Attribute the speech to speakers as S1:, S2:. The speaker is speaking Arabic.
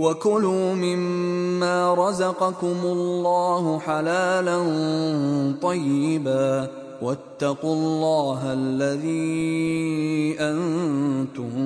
S1: وكلوا مما رزقكم الله حلالا طيبا واتقوا الله الذي انتم